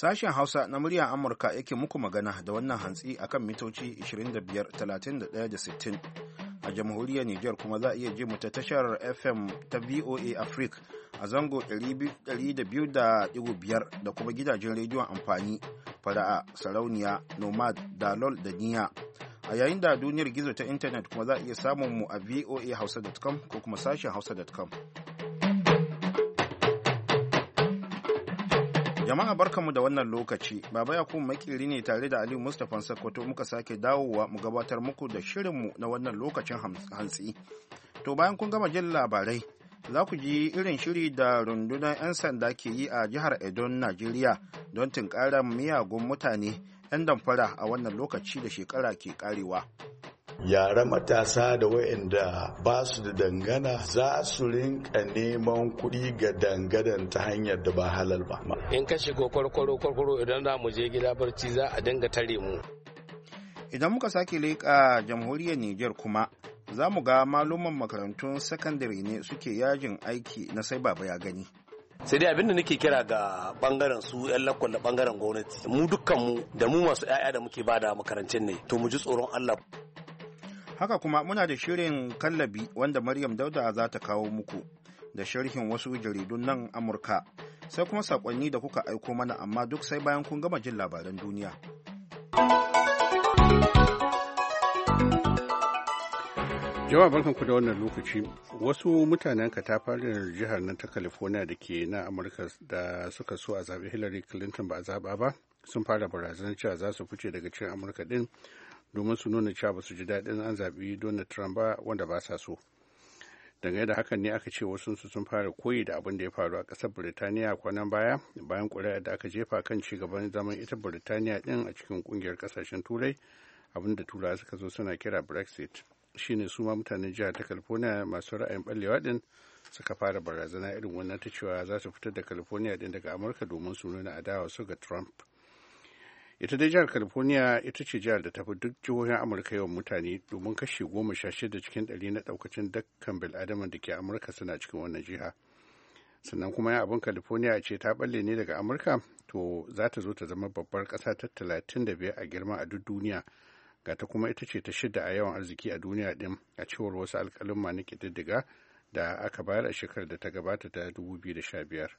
Sashen Hausa na muryar Amurka yake muku magana da wannan hantsi akan mitoci 25, 31 60. A jamhuriyar Nijar kuma za a iya ji mu ta tashar FM ta VOA Africa a zango 200.5 da kuma gidajen rediyon amfani fara'a sarauniya nomad dalol da niya a yayin da duniyar gizo ta intanet kuma za a iya samun mu a voa hausa.com ko kuma sashen hausa.com Jama'a barkamu da wannan lokaci, Baba ya Yakubu makiri ne tare da Aliyu Mustapha Sokoto muka sake dawowa mu gabatar muku da shirinmu na wannan lokacin hantsi. To bayan kun gama jin labarai, za ku ji irin shiri da rundunar 'yan sanda ke yi a jihar edo Najeriya don tunkarar miyagun mutane 'yan damfara a wannan lokaci da shekara ke karewa. yara matasa da wayanda ba su da dangana za su rinka neman kuɗi ga dangadan ta hanyar da ba halal ba in ka shigo kwarkwaro kwarkwaro idan za mu je gida barci za a dinga tare mu idan muka sake leƙa jamhuriyar Nijar kuma za mu ga maluman makarantun sakandare ne suke yajin aiki na sai baba ya gani sai dai abinda nake kira ga bangaren su yan lakon da bangaren gwamnati mu dukkan da mu masu 'ya'ya da muke da makarantun ne to mu ji tsoron allah Haka kuma muna da shirin kallabi wanda Maryam Dauda za ta kawo muku da sharhin wasu jaridun nan Amurka. Sai kuma sakonni da kuka aiko mana amma duk sai bayan kun gama jin labaran duniya. jama'a ku da wannan lokaci wasu mutanen katafarin jihar nan ta california da ke na amurka da suka so a zaɓi hillary clinton ba a zaɓa ba sun fara barazanar cewa za su fice daga cikin amurka din domin su nuna cewa ba su ji daɗin an zaɓi donald trump ba wanda ba sa so dangane da hakan ne aka ce wasu su sun fara koyi da abin da ya faru a ƙasar birtaniya kwanan baya bayan ƙuri'ar da aka jefa kan ci gaban zaman ita birtaniya din a cikin ƙungiyar ƙasashen turai abin da turawa suka zo suna kira brexit shine su ma mutanen jihar ta california masu ra'ayin ɓallewa ɗin suka fara barazana irin wannan ta cewa za su fitar da california ɗin daga amurka domin su nuna adawa su ga trump ita dai jihar california ita ce jihar da tafi duk jihohin amurka yawan mutane domin kashi goma sha shida cikin ɗari na ɗaukacin dukkan bil'adaman da ke amurka suna cikin wannan jiha sannan kuma yan abin california ce ta balle ne daga amurka to za ta zo ta zama babbar kasa ta talatin da biyar a girma a duk duniya ga ta kuma ita ce ta shida a yawan arziki a duniya din a cewar wasu alƙalin ma na ƙididdiga da aka bayar a shekarar da ta gabata ta 2015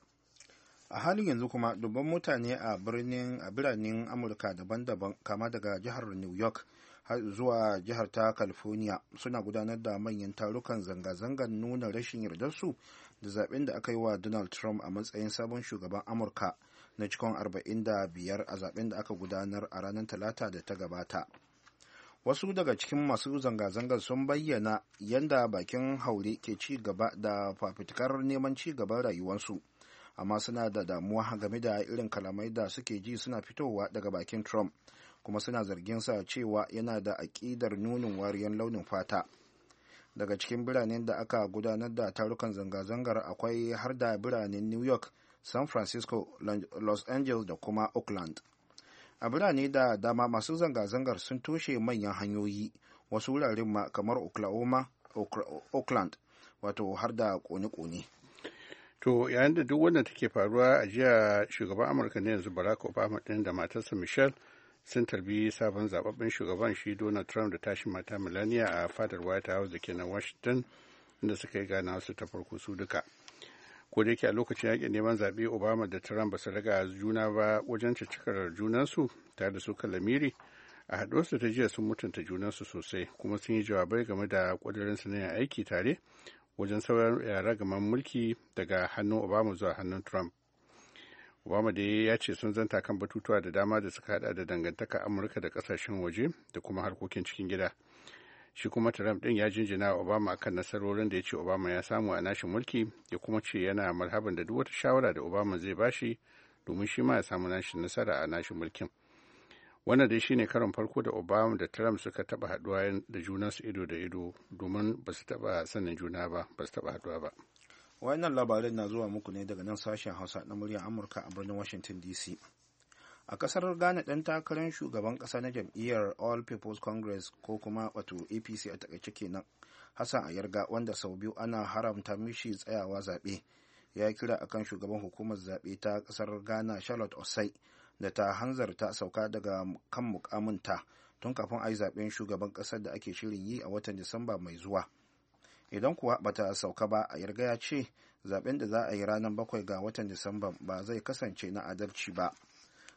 a halin yanzu kuma dubban mutane a birnin a biranen amurka daban-daban kama daga jihar new york har zuwa jihar ta california suna gudanar da manyan tarukan zanga-zangar nuna rashin yardarsu da zaben da aka yi wa donald trump a matsayin sabon shugaban amurka na cikon 45 a zaben da aka gudanar a ranar talata da ta gabata wasu daga cikin masu zanga-zangar sun bayyana yadda bakin haure ke ci gaba da fafitikar neman ci gaban rayuwarsu amma suna da damuwa game da irin kalamai da suke ji suna fitowa daga bakin trump kuma suna zargin sa cewa yana da aƙidar nunin wariyar launin fata daga cikin biranen da aka gudanar da tarukan zanga-zangar akwai har da biranen new york san francisco los angeles da kuma oakland a birane da dama masu zanga-zangar sun toshe manyan hanyoyi wasu wuraren ma kamar oklahoma oakland wato har da kone-kone To yayin da duk wannan take faruwa a jiya shugaban Amurka ne yanzu Barack Obama ɗin da matarsa Michelle sun tarbi sabon zababben shugaban shi Donald Trump da tashin mata Melania a fadar White House da ke nan Washington inda suka yi gana su ta farko su duka. Ko da yake a lokacin yakin neman zaɓe Obama da Trump ba su raga juna ba wajen cikarar junansu tare da su kalamiri a haɗuwarsu ta jiya sun mutunta junansu sosai kuma sun yi jawabai game da ƙudurinsu na aiki tare wajen sauran ragaman mulki daga hannun obama zuwa hannun trump obama da ya ce sun zanta kan batutuwa da dama da suka hada da dangantaka amurka da kasashen waje da kuma harkokin cikin gida shi kuma trump din ya jinjina obama kan nasarorin da ya ce obama ya samu a nashin mulki ya kuma ce yana marhaban da duk wata shawara da obama zai bashi domin shi ma ya samu nashin nasara a nashin mulkin wannan dai shine karon farko da obama da trump suka taba haduwa da junansu ido da ido domin ba su taba sanin juna ba ba su taba haduwa ba wannan labarin na zuwa muku ne daga nan sashen hausa na muryar amurka a birnin washington dc a kasar ghana dan takarar shugaban ƙasa na jam'iyyar all people's congress ko kuma wato apc a takaice kenan hassan ayarga wanda sau biyu ana haramta mishi tsayawa zaɓe ya kira akan shugaban hukumar zaɓe ta ƙasar ghana charlotte osai da ta hanzarta sauka daga kan mukaminta tun kafin a yi zaben shugaban ƙasar da ake shirin yi a watan Disamba mai zuwa. Idan kuwa bata sauka ba a yarga ya ce zaben da za a yi ranar bakwai ga watan Disamba ba zai kasance na adalci ba.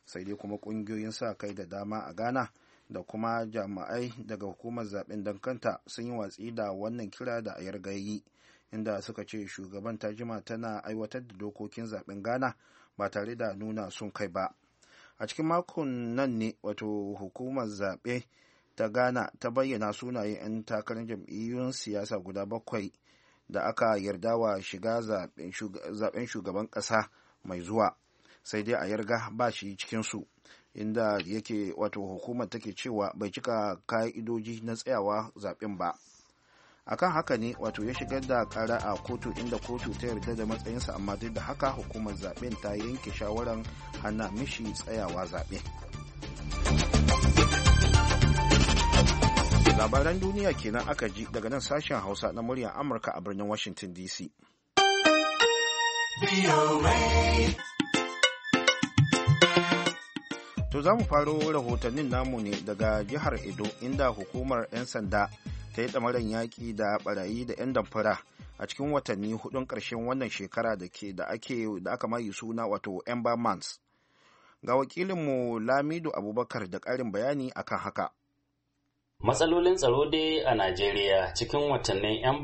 Sai dai kuma ƙungiyoyin sa kai da dama a Ghana da kuma jami'ai daga hukumar zaben don kanta sun yi watsi da wannan kira da a yarga yi. inda suka ce shugaban ta jima tana aiwatar da dokokin zaben ghana ba tare da nuna sun kai ba a cikin makon nan ne wato hukumar zaɓe ta ghana ta bayyana sunayen 'yan takarar jam'iyyun siyasa guda bakwai da aka yarda wa shiga zaɓen shugaban ƙasa mai zuwa sai dai a yarga ba shi cikinsu inda yake wato hukumar take cewa bai cika ka'idoji na tsayawa zaɓen ba akan haka ne wato ya shigar da kara a kotu inda kotu ta yarda da matsayinsa amma duk da haka hukumar zaben ta yanke shawaran hana mishi tsayawa zaɓe. labaran duniya kenan aka ji daga nan sashen hausa na muryar amurka a birnin washington dc to za mu faro rahotannin namu ne daga jihar edo inda hukumar 'yan sanda ta yi ɗamarin yaƙi da ɓarayi da 'yan damfara a cikin watanni hudun ƙarshen wannan shekara da ake da aka mayi suna wato Ember Months. Ga wakilinmu lamidu Abubakar da ƙarin bayani akan haka. Matsalolin tsaro dai a Najeriya cikin watannin 'yan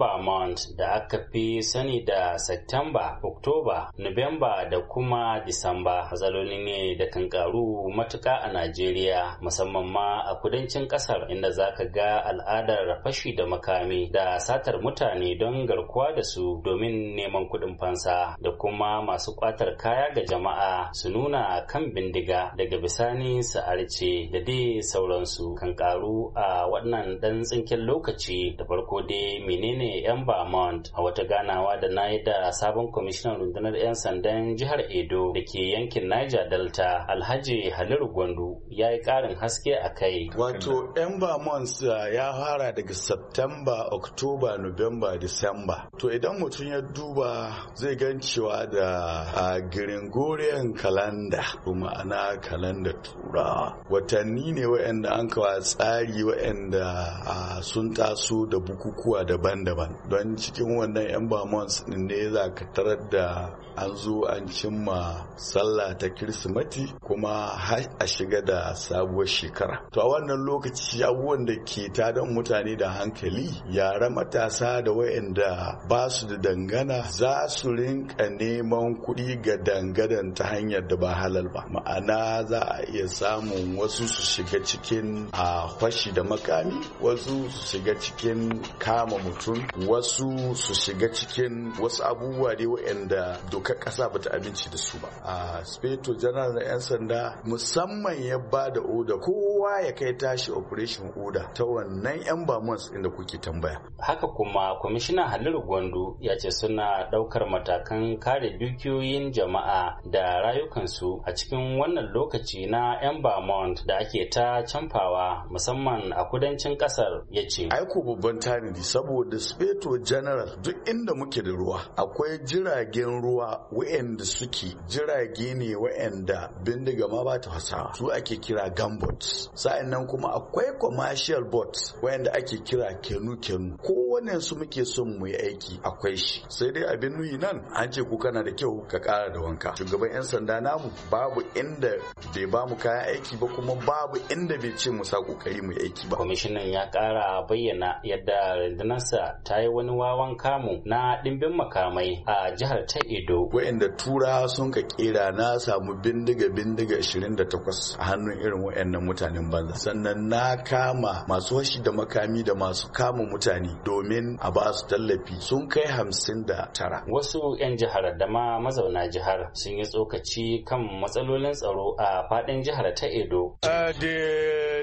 da aka fi sani da Satumba, Oktoba, Nuwamba da kuma Disamba matsaloli ne da kan karu matuka a Najeriya musamman ma a kudancin kasar inda za ka ga al'adar fashi da makami da satar mutane don garkuwa da su domin neman kuɗin fansa da kuma masu kwatar kaya ga jama'a su nuna kan bindiga daga bisani su arce da dai sauransu kan karu a wannan dan tsinken lokaci da farko dai menene yan Vermont a wata ganawa da na yi da sabon kwamishinan rundunar 'yan sandan jihar Edo da ke yankin Niger Delta Alhaji Haliru Gwandu ya yi karin haske a kai. Wato yan Vermont uh, ya fara daga Septemba, Oktoba, Nuwamba, Disamba. To idan mutum ya duba zai gan cewa da a Gregorian kalanda kuma ana kalanda turawa watanni ne waɗanda an kawa tsari waɗanda wanda sun taso da bukukuwa daban-daban don cikin wannan 'yan bamons ne za ka tarar da an zo an cimma sallah ta kirsimati kuma a shiga da sabuwar shekara to a wannan lokaci abubuwan da ke tadan mutane da hankali yara matasa da wayanda ba su da dangana za su rinka neman kuɗi ga dangadan ta hanyar da ba halal ba ma'ana za a iya samun wasu su shiga cikin a fashi da makami wasu su shiga cikin kama mutum wasu su shiga cikin wasu abubuwa ne wayanda doka ƙasa bata abinci da su ba a speto general na 'yan sanda musamman ya ba da oda kowa ya kai tashi operation oda ta wannan 'yan bamons inda kuke tambaya haka kuma kwamishinan halilu gwandu ya ce suna daukar matakan kare dukiyoyin jama'a da rayukansu a cikin wannan lokaci na 'yan bamont da ake ta camfawa musamman a kudancin kasar ya ce aiko babban tanadi saboda speto general duk inda muke da ruwa akwai jiragen ruwa wa'anda suke jira jirage ne waɗanda bindiga ma ba ta fasaha su ake kira gunboats nan kuma akwai commercial boats waɗanda ake kira kenu-kenu kowane su muke son mu yi aiki akwai shi sai dai abin nuyi nan an ce ku kana da kyau ka kara da wanka shugaban 'yan sanda namu babu inda bai ba mu kayan aiki ba kuma babu inda bai ce mu sa kokari mu yi aiki ba kwamishinan ya ƙara bayyana yadda rundunarsa ta yi wani wawan kamu na dimbin makamai a jihar ta edo wa'anda tura sun ka kera na samu bindiga bindiga 28 a hannun irin wayannan mutanen banza sannan na kama masu washi da makami da masu kama mutane domin a ba su tallafi sun kai hamsin da tara wasu 'yan jihar da ma mazauna jihar sun yi tsokaci kan matsalolin tsaro a faɗin jihar ta edo uh,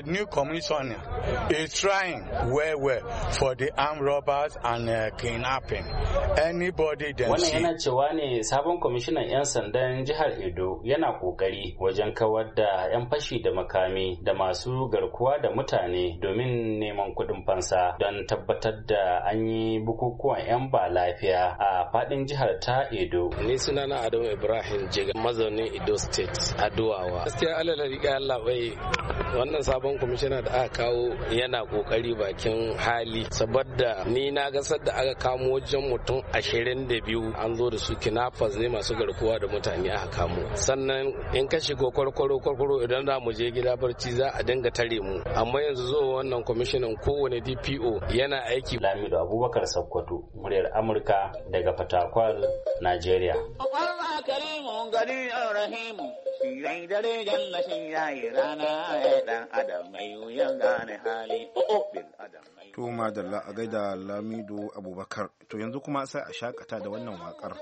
new commissioner is trying well well for the armed robbers and uh, kidnapping. Anybody that Wannan yana cewa ne sabon kwamishinan 'yan sandan jihar Edo yana kokari wajen kawar da 'yan fashi da makami da masu garkuwa da mutane domin neman kuɗin fansa don tabbatar da an yi bukukuwan 'yan ba lafiya a faɗin jihar ta Edo. Ni sunana Adamu Ibrahim Jiga mazaunin Edo State Aduwawa. Gaskiya Allah wannan sabon sabon kwamishina da aka kawo yana kokari bakin hali saboda ni na ga da aka kamo wajen mutum ashirin da biyu an zo da su kinafas ne masu garkuwa da mutane aka kamo sannan in ka shigo kwarkwaro kwarkwaro idan za mu je gida barci za a dinga tare mu amma yanzu zo wannan kwamishinan kowane dpo yana aiki lamido abubakar sakkwato muryar amurka daga fatakwal nigeria Rahimu, dare janna shi yayi rana ya dan adam. mai wuyan gane hali oh, oh, to madalla a gaida lamido abubakar to yanzu kuma sai a shakata da wannan wakar.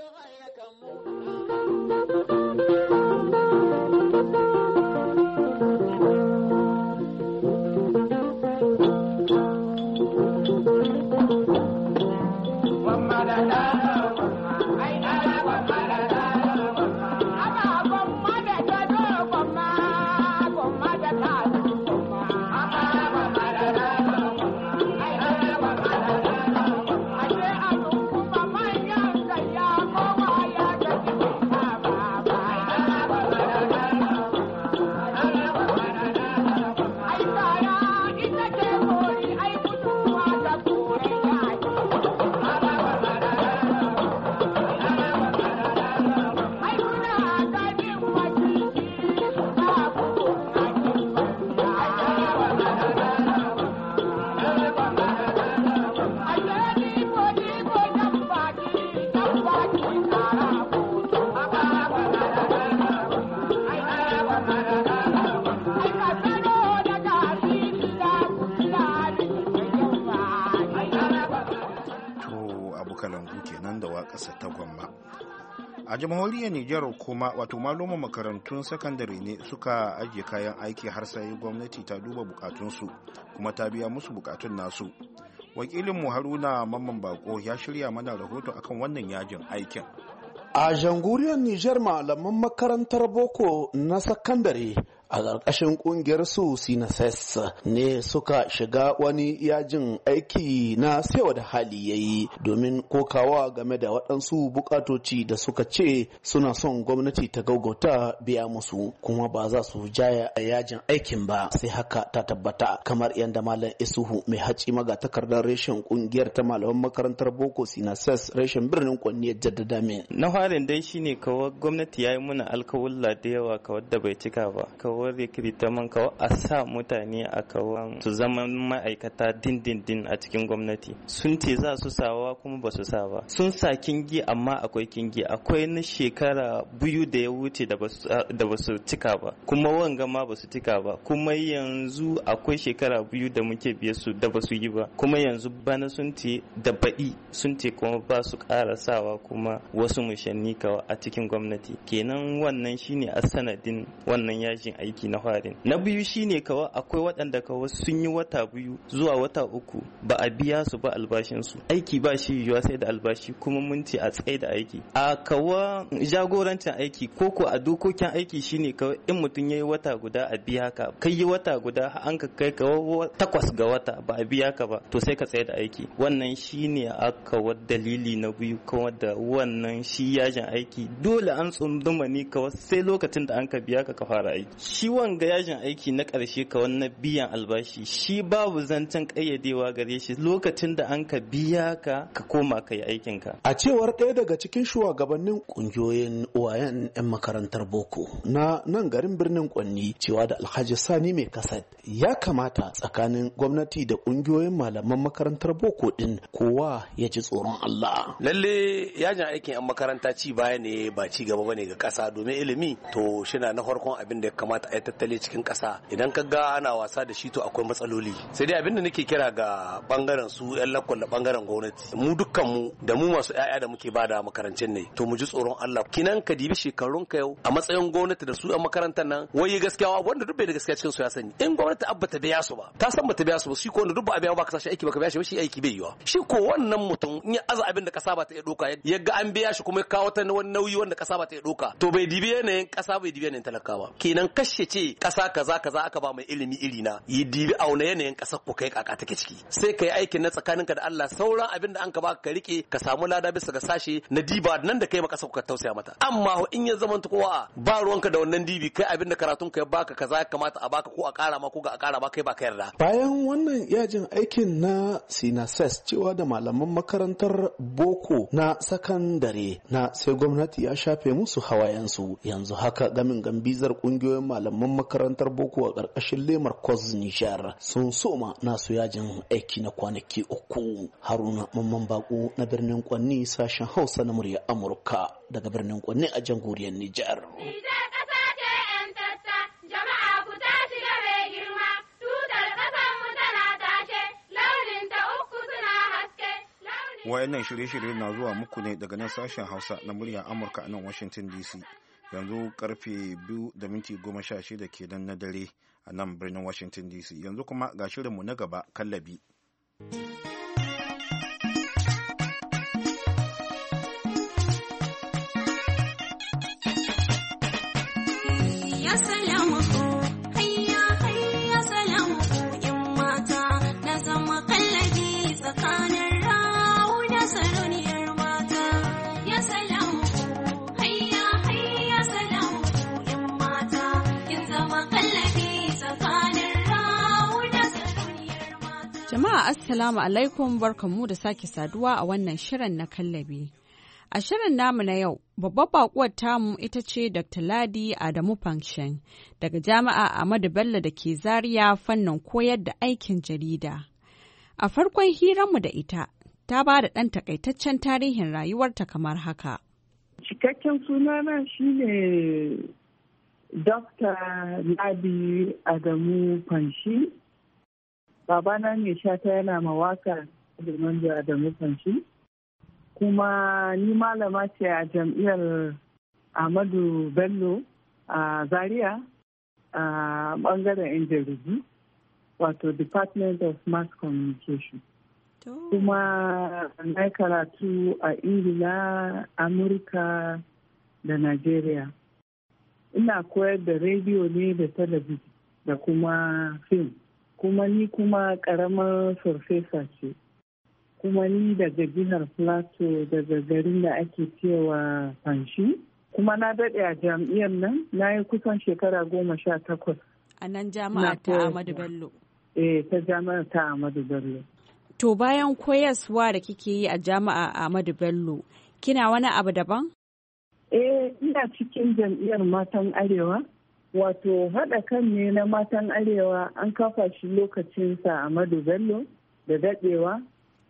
jamhuriyar nijar kuma wato malumin makarantun sakandare ne suka ajiye kayan aiki har sai gwamnati ta duba bukatunsu kuma ta biya musu bukatun nasu wakilin mu haruna mamman bako ya shirya mana rahoto akan wannan yajin aikin A jamhuriyar Nijar malaman makarantar boko na sakandare a ƙarƙashin ƙungiyar su sinases ne suka shiga wani yajin aiki na sewa da hali ya yi domin kokawa game da waɗansu bukatoci da suka ce suna son gwamnati ta gaugauta biya musu kuma ba za su jaya a yajin aikin ba sai haka ta tabbata kamar yadda malam isuhu mai haci magatakardar reshen ƙungiyar ta malaman makarantar boko sinases reshen birnin kwanni ya jaddada min na farin dai shine kawai gwamnati ya yi muna alkawulla da yawa kawai da bai cika ba kawai kawar man kawo a sa mutane a kawo su zama ma'aikata dindindin a cikin gwamnati sun ce za su sawa kuma ba su sa ba sun sa kingi amma akwai kingi akwai na shekara biyu da ya wuce da ba su cika ba kuma wanga ma ba su cika ba kuma yanzu akwai shekara biyu da muke biye su da ba su yi ba kuma yanzu bana sun ce da baɗi sun ce kuma ba su ƙara sawa kuma wasu mushanni kawa a cikin gwamnati kenan wannan shine a sanadin wannan yashin aiki aiki na farin na biyu shine kawa akwai waɗanda kawa sun yi wata biyu zuwa wata uku ba a biya su ba albashinsu aiki ba shi yiwuwa sai da albashi kuma mun ce a tsaye da aiki a kawa jagorancin aiki ko ko a dokokin aiki shine kawa in mutum ya yi wata guda a biya ka kai yi wata guda an ka kai kawa takwas ga wata ba a biya ka ba to sai ka tsaye da aiki wannan shine aka wa dalili na biyu kawa da wannan shi yajin aiki dole an tsunduma ni kawa sai lokacin da an ka biya ka ka fara aiki shi wanga yajin aiki na ƙarshe ka wannan biyan albashi shi babu zancen ƙayyadewa gare shi lokacin da an ka biya ka ka koma ka yi aikin ka. A cewar ɗaya daga cikin shugabannin ƙungiyoyin uwayen 'yan makarantar boko na nan garin birnin Kwanni cewa da Alhaji Sani mai kasad ya kamata tsakanin gwamnati da ƙungiyoyin malaman makarantar boko din kowa ya ji tsoron Allah. Lalle yajin aikin 'yan makaranta ci baya ne ba ci gaba bane ga ƙasa domin ilimi to na na farkon abin da ya kamata ta a yi tattali cikin ƙasa idan ka ga ana wasa da shi to akwai matsaloli sai dai abinda nake kira ga bangaren su yan lakwal da bangaren gwamnati mu dukkan mu da mu masu ƴaƴa da muke bada makarancin ne to mu ji tsoron Allah kinan ka dibi shekarun ka yau a matsayin gwamnati da su a makarantar nan wai gaskiya wa wanda duk bai da gaskiya cikin su ya sani in gwamnati abba ta biya su ba ta san ba ta biya su ba shi ko wanda duk ba a biya ba ka sashi aiki ba ka biya shi ba shi aiki bai yiwa shi ko wannan mutum in ya aza abin da kasa ba ta iya doka ya ga an biya shi kuma ya kawo ta wani nauyi wanda kasa ba ta iya doka to bai dibi yanayin kasa bai dibi yanayin talakawa kenan kashi shi ce kasa kaza kaza aka ba mai ilimi iri na yi dibi auna yanayin kasar ku kai kaka take ciki sai kai aikin na tsakaninka da Allah sauran abin da an ka baka ka rike ka samu lada bisa ga sashe na diba nan da kai ma kasar ku ka tausaya mata amma in ya zama kowa ba ruwanka da wannan dibi kai abin da karatun ka ya baka kaza ya kamata a baka ko a kara ma ko ga a kara ma kai ba ka yarda bayan wannan yajin aikin na Sinases cewa da malaman makarantar boko na sakandare na sai gwamnati ya shafe musu hawayensu yanzu haka gamin gambizar kungiyoyin malaman malaman makarantar boko a ƙarƙashin lemar kwas nijar sun soma nasu yajin aiki na kwanaki uku haruna mamman bako na birnin kwanni sashen hausa na murya amurka daga birnin kwanni a jamhuriyar nijar wayannan shirye-shirye na zuwa muku ne daga nan sashen hausa na murya amurka a nan washington dc yanzu karfe biyu da minti goma sha shida na dare a nan birnin washington dc yanzu kuma ga shirinmu na gaba kallabi. Assalamu alaikum barkanmu da sake saduwa a wannan shirin na kallabi. A shirin namu na yau, babbar bakuwar tamu ita ce Dr. Ladi Adamu Function daga Jami'a Ahmadu Bello da ke zariya fannin koyar da aikin jarida. A farkon hiranmu da ita, ta ba da ɗan takaitaccen tarihin rayuwarta kamar haka. Cikakken sunana ne Dr. Ladi Adamu Fanshen. babana sha ta yana mawaka domin da adamu fanshi kuma ni malama ce a jam'iyyar ahmadu bello a zaria a bangaren yan wato department of mass communication kuma na karatu a ingila amurka da nigeria ina koyar da rediyo ne da talabijin da kuma fim kuma ni kuma karamar farfesa ce kuma ni daga jihar plateau daga garin da ake cewa fanshi kuma na daɗe a jam'iyyar nan na yi kusan shekara goma sha takwas a nan jami'a ta amadu bello eh ta jama'a ta amadu bello to bayan koyaswa da kike yi a jami'a amadu bello kina wani abu daban eh ina cikin jam'iyyar matan arewa wato haɗa kan ne na matan arewa an kafa shi lokacinsa a madu bello da daɗewa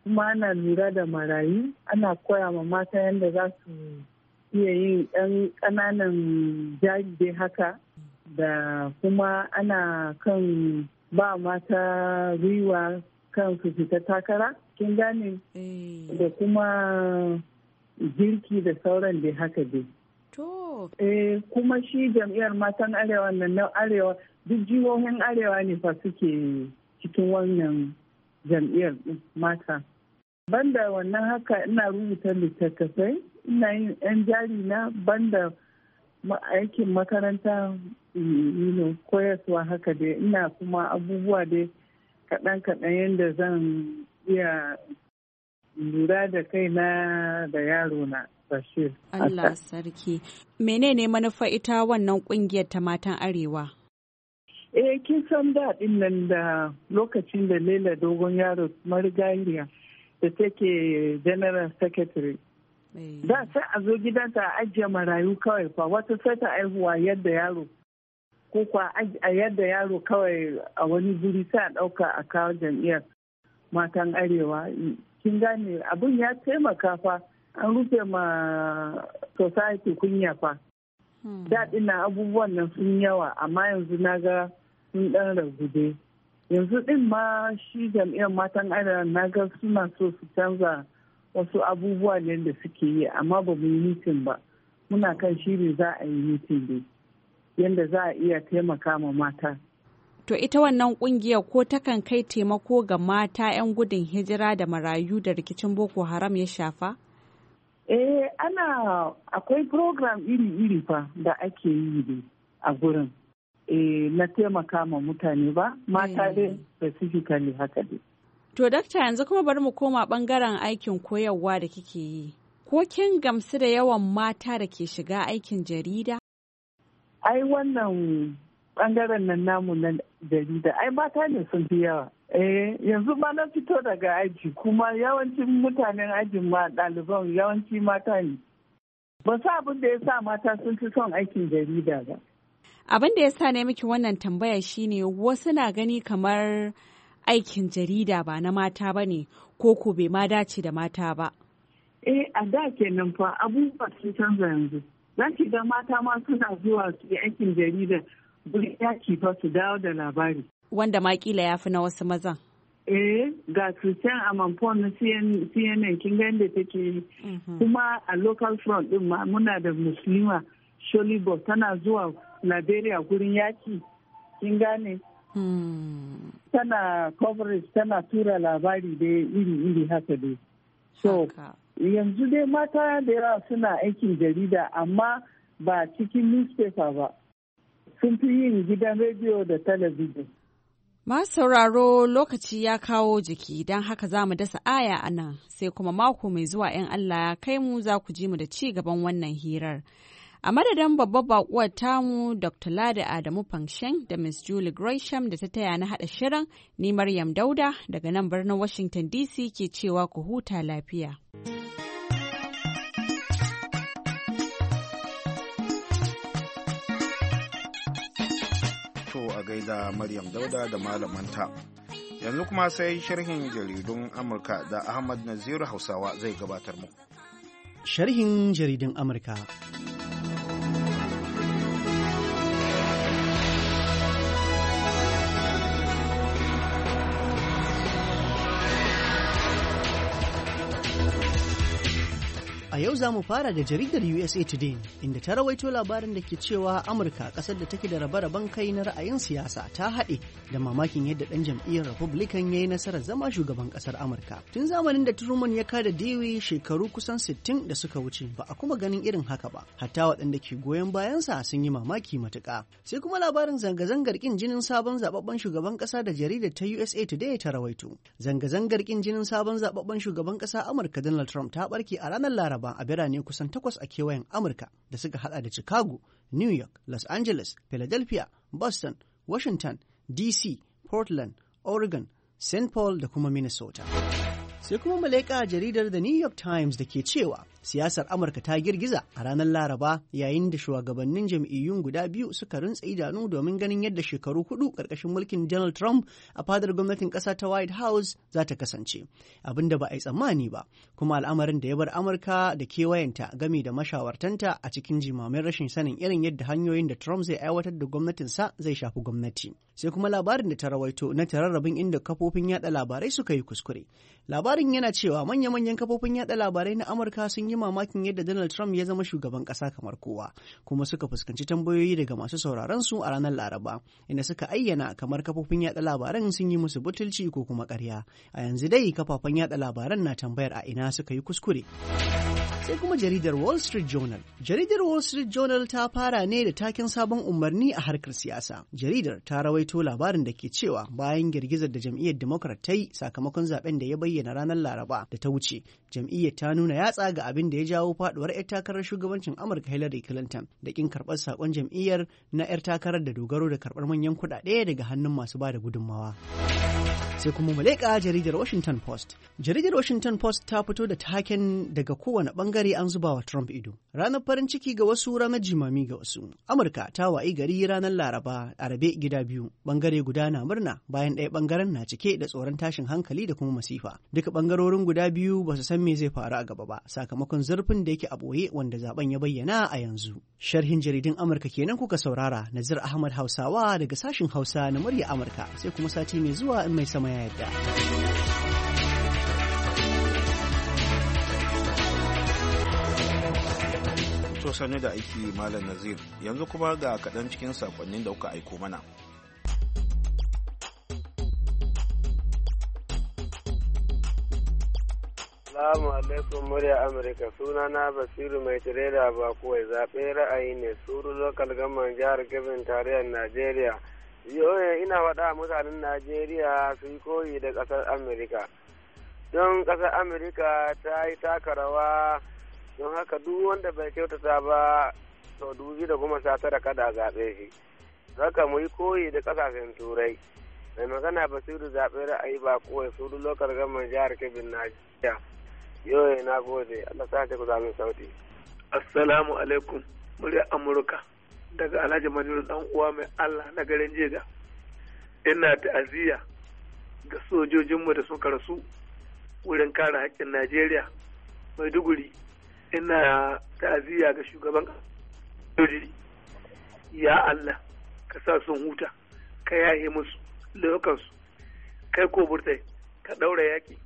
kuma ana lura da marayu ana koya ma mata yadda za su iya yin ɗan ƙananan jari haka da kuma ana kan ba mata gwiwa kan fita takara kin gane eh. da kuma girki da sauran dai haka dai. To. Eh kuma shi jam'iyyar matan arewa nan na arewa duk jihohin arewa ne fa suke cikin wannan jam'iyyar mata. Banda wannan haka ina rubuta littattafai ina yin 'yan jari na banda aikin makaranta mm, koyaswa haka dai ina kuma abubuwa dai kaɗan-kaɗan yadda zan iya lura da kai na da yaro Bashir. Allah sarki. Menene manufa ita wannan kungiyar ta matan Arewa? Eh kin san daɗin nan da lokacin da Laila Dogon Yaro mariganiya da take General Secretary. Eh. Da sai a zo gidanta a ajiye marayu kawai fa wata sai ta aihuwa yadda yaro ko kwa a yadda yaro kawai a wani guri ta a ɗauka a kawo jam'iyyar matan arewa kin gane abin ya taimaka fa an rufe ma society kunya fa hmm. daɗi na abubuwan nan sun yawa amma yanzu na ga sun ɗan ragude yanzu ɗin ma shi jam'iyyar matan adana na ga suna so su canza wasu abubuwa ne da suke yi amma ba mu yi mitin ba muna kan shiri za a yi mitin dai yadda za a iya taimaka ma mata To ita wannan kungiyar ko takan kai taimako ga mata 'yan gudun hijira da marayu da rikicin Boko Haram ya shafa? Eh ana akwai program iri-iri fa da ake yi ne a gurin. Eh na taimaka ma mutane ba, mata dai eh. specifically haka dai. To dakta yanzu kuma bari mu koma bangaren aikin koyarwa da kike yi. Ko kin gamsu da yawan mata da ke shiga aikin jarida? Ai wannan bangaren nan namu na jarida ai mata ne sun fi yawa eh yanzu ma na fito daga aji kuma yawancin mutanen ajin ma ɗaliban yawanci mata ne ba sa abin da ya sa mata sun fi son aikin jarida ba abin da ya sa ne miki wannan tambaya shine wasu na gani kamar aikin jarida ba na mata ba ne ko ko bai ma dace da mata ba eh a da kenan fa abubuwa sun canza yanzu za ki ga mata ma suna zuwa su yi aikin jarida yaki fa su dawo da labari. Wanda makila ya fi na wasu mazan. Eh ga Christian Amanpon na CNN kin ga yadda take yi. Mhm. Kuma a local front din ma muna da Muslima Sholibo tana zuwa Liberia gurin yaki. Kin gane? Hmm. Tana coverage tana tura labari da iri-iri haka dai. So, yanzu dai mata da yawa suna aikin jarida amma ba cikin newspaper ba. sun fi yin gidan rediyo da talabijin. Masu sauraro lokaci ya kawo jiki don haka za mu dasa aya a nan sai kuma mako mai zuwa 'yan Allah ya kai mu za ku ji mu da ci gaban wannan hirar. A madadin babbar bakuwar tamu Dr. Lada Adamu Fangshen da Ms. Julie Gresham da ta taya na haɗa shirin ni Maryam Dauda daga nan birnin Washington DC ke cewa ku huta lafiya. gaida Maryam Dauda da malamanta. Yanzu kuma sai sharhin jaridun Amurka da Ahmad Naziru Hausawa zai gabatar mu. Sharhin jaridun Amurka. yau za mu fara da jaridar USA Today inda ta rawaito labarin da ke cewa Amurka ƙasar da take da rabe-raben kai na ra'ayin siyasa ta haɗe da mamakin yadda ɗan jam'iyyar Republican ya yi nasarar zama shugaban ƙasar Amurka. Tun zamanin da Truman ya kada Dewey shekaru kusan 60 da suka wuce ba a kuma ganin irin haka ba. Hatta waɗanda ke goyon bayan sa sun yi mamaki matuƙa. Sai kuma labarin zanga-zangar ƙin jinin sabon zababben shugaban ƙasa da jaridar ta USA Today ta rawaito. Zanga-zangar ƙin jinin sabon zababben shugaban ƙasa Amurka Donald Trump ta ɓarke a ranar Laraba a birane kusan takwas a kewayen Amurka da suka hada da Chicago, New York, Los Angeles, Philadelphia, Boston, Washington, DC, Portland, Oregon, St. Paul da kuma Minnesota. sai kuma malaika jaridar The New York Times da ke cewa siyasar Amurka ta girgiza a ranar Laraba yayin da shugabannin jam'iyyun guda biyu suka rintsa idanu domin ganin yadda shekaru hudu karkashin mulkin Donald Trump a fadar gwamnatin ƙasa ta White House za ta kasance. Abin da ba a yi tsammani ba, kuma al'amarin da ya bar Amurka da kewayenta gami da mashawartanta a cikin jimamin rashin sanin irin yadda hanyoyin da Trump zai aiwatar da gwamnatinsa zai shafi gwamnati. Sai kuma labarin da ta rawaito na tararrabin inda kafofin yada labarai suka yi kuskure. Labarin yana cewa manya-manyan kafofin yada labarai na Amurka sun yi mamakin yadda Donald Trump ya zama shugaban kasa kamar kowa, kuma suka fuskanci tambayoyi daga masu sauraron su a ranar Laraba, inda suka ayyana kamar kafofin yada labaran sun yi musu butulci ko kuma karya A yanzu dai kafafen yada labaran na tambayar a ina suka yi kuskure. Sai kuma jaridar Wall Street Journal. Jaridar Wall Street Journal ta fara ne da taken sabon umarni a harkar siyasa. Jaridar ta rawaito labarin da ke cewa bayan girgizar da jam'iyyar Democrat ta yi sakamakon zaben da ya bayyana bayyana ranar Laraba da ta wuce. Jam'iyyar ta nuna yatsa ga abin da ya jawo faduwar 'yar takarar shugabancin Amurka Hillary Clinton da kin karɓar sakon jam'iyyar na 'yar takarar da dogaro da karɓar manyan kuɗaɗe daga hannun masu ba da gudunmawa. sai kuma mu leƙa jaridar Washington Post. Jaridar Washington Post ta fito da taken daga kowane bangare an zuba wa Trump ido. Ranar farin ciki ga wasu ranar jimami ga wasu. Amurka ta wayi gari ranar Laraba Arabe gida biyu. Bangare guda na murna bayan ɗaya bangaren na cike da tsoron tashin hankali da kuma masifa. Duka bangarorin guda biyu ba su san me zai faru a gaba ba sakamakon zurfin da yake a ɓoye wanda zaben ya bayyana a yanzu. Sharhin jaridun Amurka kenan kuka saurara Nazir Ahmad Hausawa daga sashin Hausa na murya Amurka sai kuma sati mai zuwa in mai sama Internet. sani da aiki malam nazir yanzu kuma ga kaɗan cikin sakonnin da kuka aiko mana Salamu alaikum murya Amurka na Basiru mai tare ba Bakuwai zaɓe ra'ayi ne suru lokal gaman jihar Kebbi tarayyar Najeriya. yoyin ina faɗa mutanen najeriya su yi koyi da ƙasar amurka don ƙasar amurka ta yi taka rawa don haka duk wanda bai kyautata ba to dubi da kuma sata da kada zaɓe shi haka mu yi koyi da ƙasashen turai mai magana basiru zaɓe ra'ayi ba kowai su duk lokar gaman jihar kebin najeriya yoyin na gode allah sa ta ku zamin sauti assalamu alaikum murya amurka daga alhaji manuel dan uwa mai allah na garin jega ina ta'aziyya ga sojojinmu da suka rasu wurin kare haƙƙin najeriya maiduguri ina ta'aziyya ga shugaban sojoji ya allah ka sa sun huta ka yaye musu lokansu kai ko burtai ka ɗaura yaƙi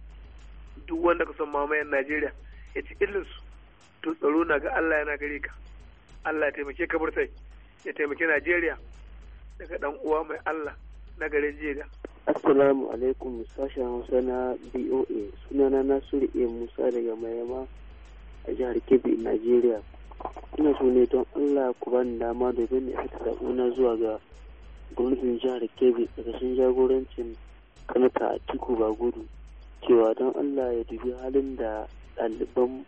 duk wanda ka son mamayen najeriya ya ci illinsu to tsaro na ga allah yana gare ka allah ya taimake ka burtai ya taimaki najeriya daga dan uwa mai allah na garin jeda assalamu alaikum sashen hausa na boa sunana nasiru e musa daga mayama a jihar kebbi najeriya ina so ne don allah ku bani dama domin ne na fita una zuwa ga gwamnatin jihar kebbi ƙarshen jagorancin kanata a tiku ba gudu cewa don allah ya dubi halin da ɗaliban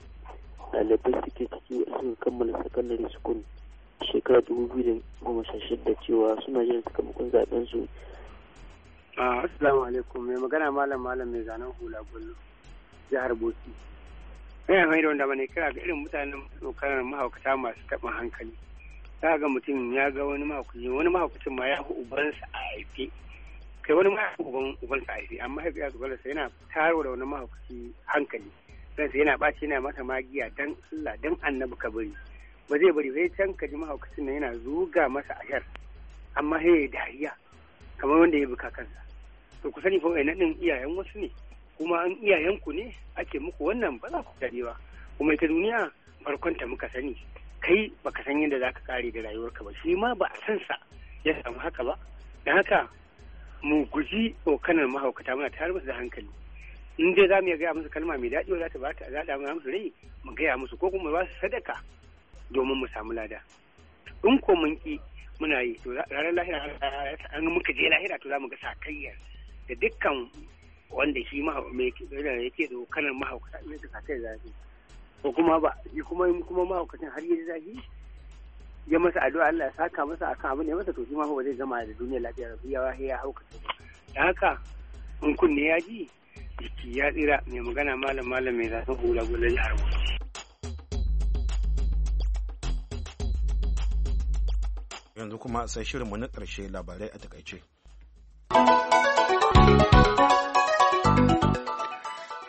ɗalibai suke ciki suka kammala sakandare sukuni shekara dubu biyu da goma sha shida cewa suna jiran sakamakon zaben su. Assalamu alaikum mai magana malam malam mai zanen hula gullo jihar Bauchi. Ina mai da wanda bane kira ga irin mutanen tsokanar mahaukata masu taɓin hankali. Za ga mutum ya ga wani mahaukaci wani mahaukacin ma ya fi ubansa a haife. Kai wani ma ya fi ubansa a haife amma haifi ya zubar yana taro da wani mahaukaci hankali. Sai yana ɓaci yana mata magiya dan Allah dan annabi kabari. ba zai bari sai can ka ji mahaukacin nan yana zuga masa ashar amma sai ya dariya kamar wanda ya buka kansa to ku sani fa wayannan din iyayen wasu ne kuma an iyayen ku ne ake muku wannan ba za ku dare ba kuma ita duniya farkon ta muka sani kai baka san yadda ka kare da rayuwarka ba shi ma ba a san sa ya samu haka ba dan haka mu guji tsokanar mahaukata muna tare masu da hankali in dai za mu iya gaya musu kalma mai daɗi za ta ba ta musu rai mu gaya musu ko kuma ba su sadaka domin mu samu lada in ko mun ki muna yi to ranar lahira an muka je lahira to za mu ga sakayyar da dukkan wanda shi ma yake tsokanar mahaukata ne da sakayyar zafi ko kuma ba shi kuma kuma mahaukacin har yaji zafi ya masa addu'a Allah ya saka masa akan abin da ya masa to shi ma ba zai gama da duniya lafiya da ya wahi ya hauka to dan haka in kunne ya ji jiki ya tsira mai magana malam malam mai zafin hula gulan ya harbo yanzu kuma sai shirinmu na ƙarshe labarai a takaice.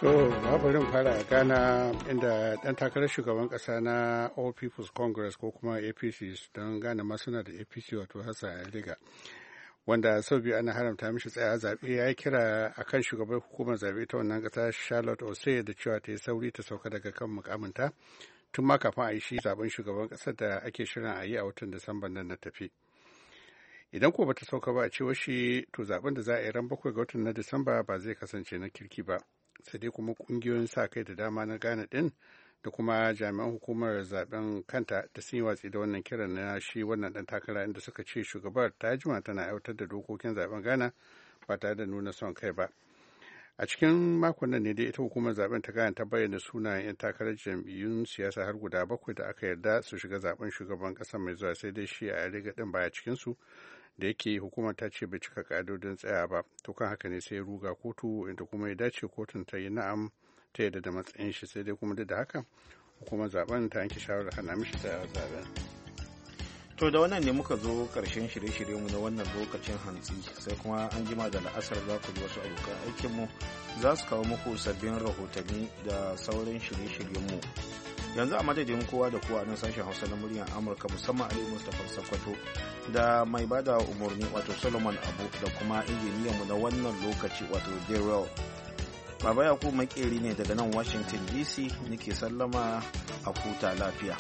To, labarin fara a Ghana inda ɗan takarar shugaban kasa na All People's Congress ko kuma APC don Ghana ma suna da APC wato Hassan Riga. Wanda sau biyu ana haramta mishi tsaya zaɓe ya yi kira a kan shugaban hukumar zaɓe ta wannan ƙasa Charlotte Osei da cewa ta yi sauri ta sauka daga kan mukaminta tun ma kafin a yi shi zaben shugaban ƙasar da ake shirin a yi a watan Disamba nan na tafi. Idan ko bata sauka ba a cewar shi to zaben da za a yi ran bakwai ga watan na Disamba ba zai kasance na kirki ba. Sai dai kuma ƙungiyoyin sa kai da dama na Ghana ɗin da kuma jami'an hukumar zaben kanta da sun yi watsi da wannan kiran na shi wannan ɗan takara inda suka ce shugabar ta jima tana aiwatar da dokokin zaben Ghana ba tare da nuna son kai ba. a cikin makonnan ne dai ita hukumar zaben ta kayan ta bayyana sunayen 'yan takarar jam'iyyun siyasa har guda bakwai da aka yarda su shiga zaben shugaban kasa mai zuwa sai dai shi a yare din baya cikinsu su da yake hukumar ta ce bai cika ƙa'idodin tsaya ba to kan haka ne sai ya ruga kotu inda kuma ya dace kotun ta yi na'am ta yadda da matsayin shi sai dai kuma duk da haka hukumar zaben ta yanke shawarar hana mishi da zaben. To da wannan ne muka zo karshen shirye-shiryenmu na wannan lokacin hantsi sai kuma an jima da la'asar za ku ji wasu abokan aikinmu za su kawo muku sabbin rahotanni da sauran shirye-shiryenmu. Yanzu a madadin kowa da kowa na sashen Hausa na muryar Amurka musamman Ali Mustapha Sakwato da mai bada umarni wato Solomon Abu da kuma injiniyanmu na wannan lokaci wato Daryl. Baba Yakubu makeri ne daga nan Washington DC nake sallama a huta lafiya.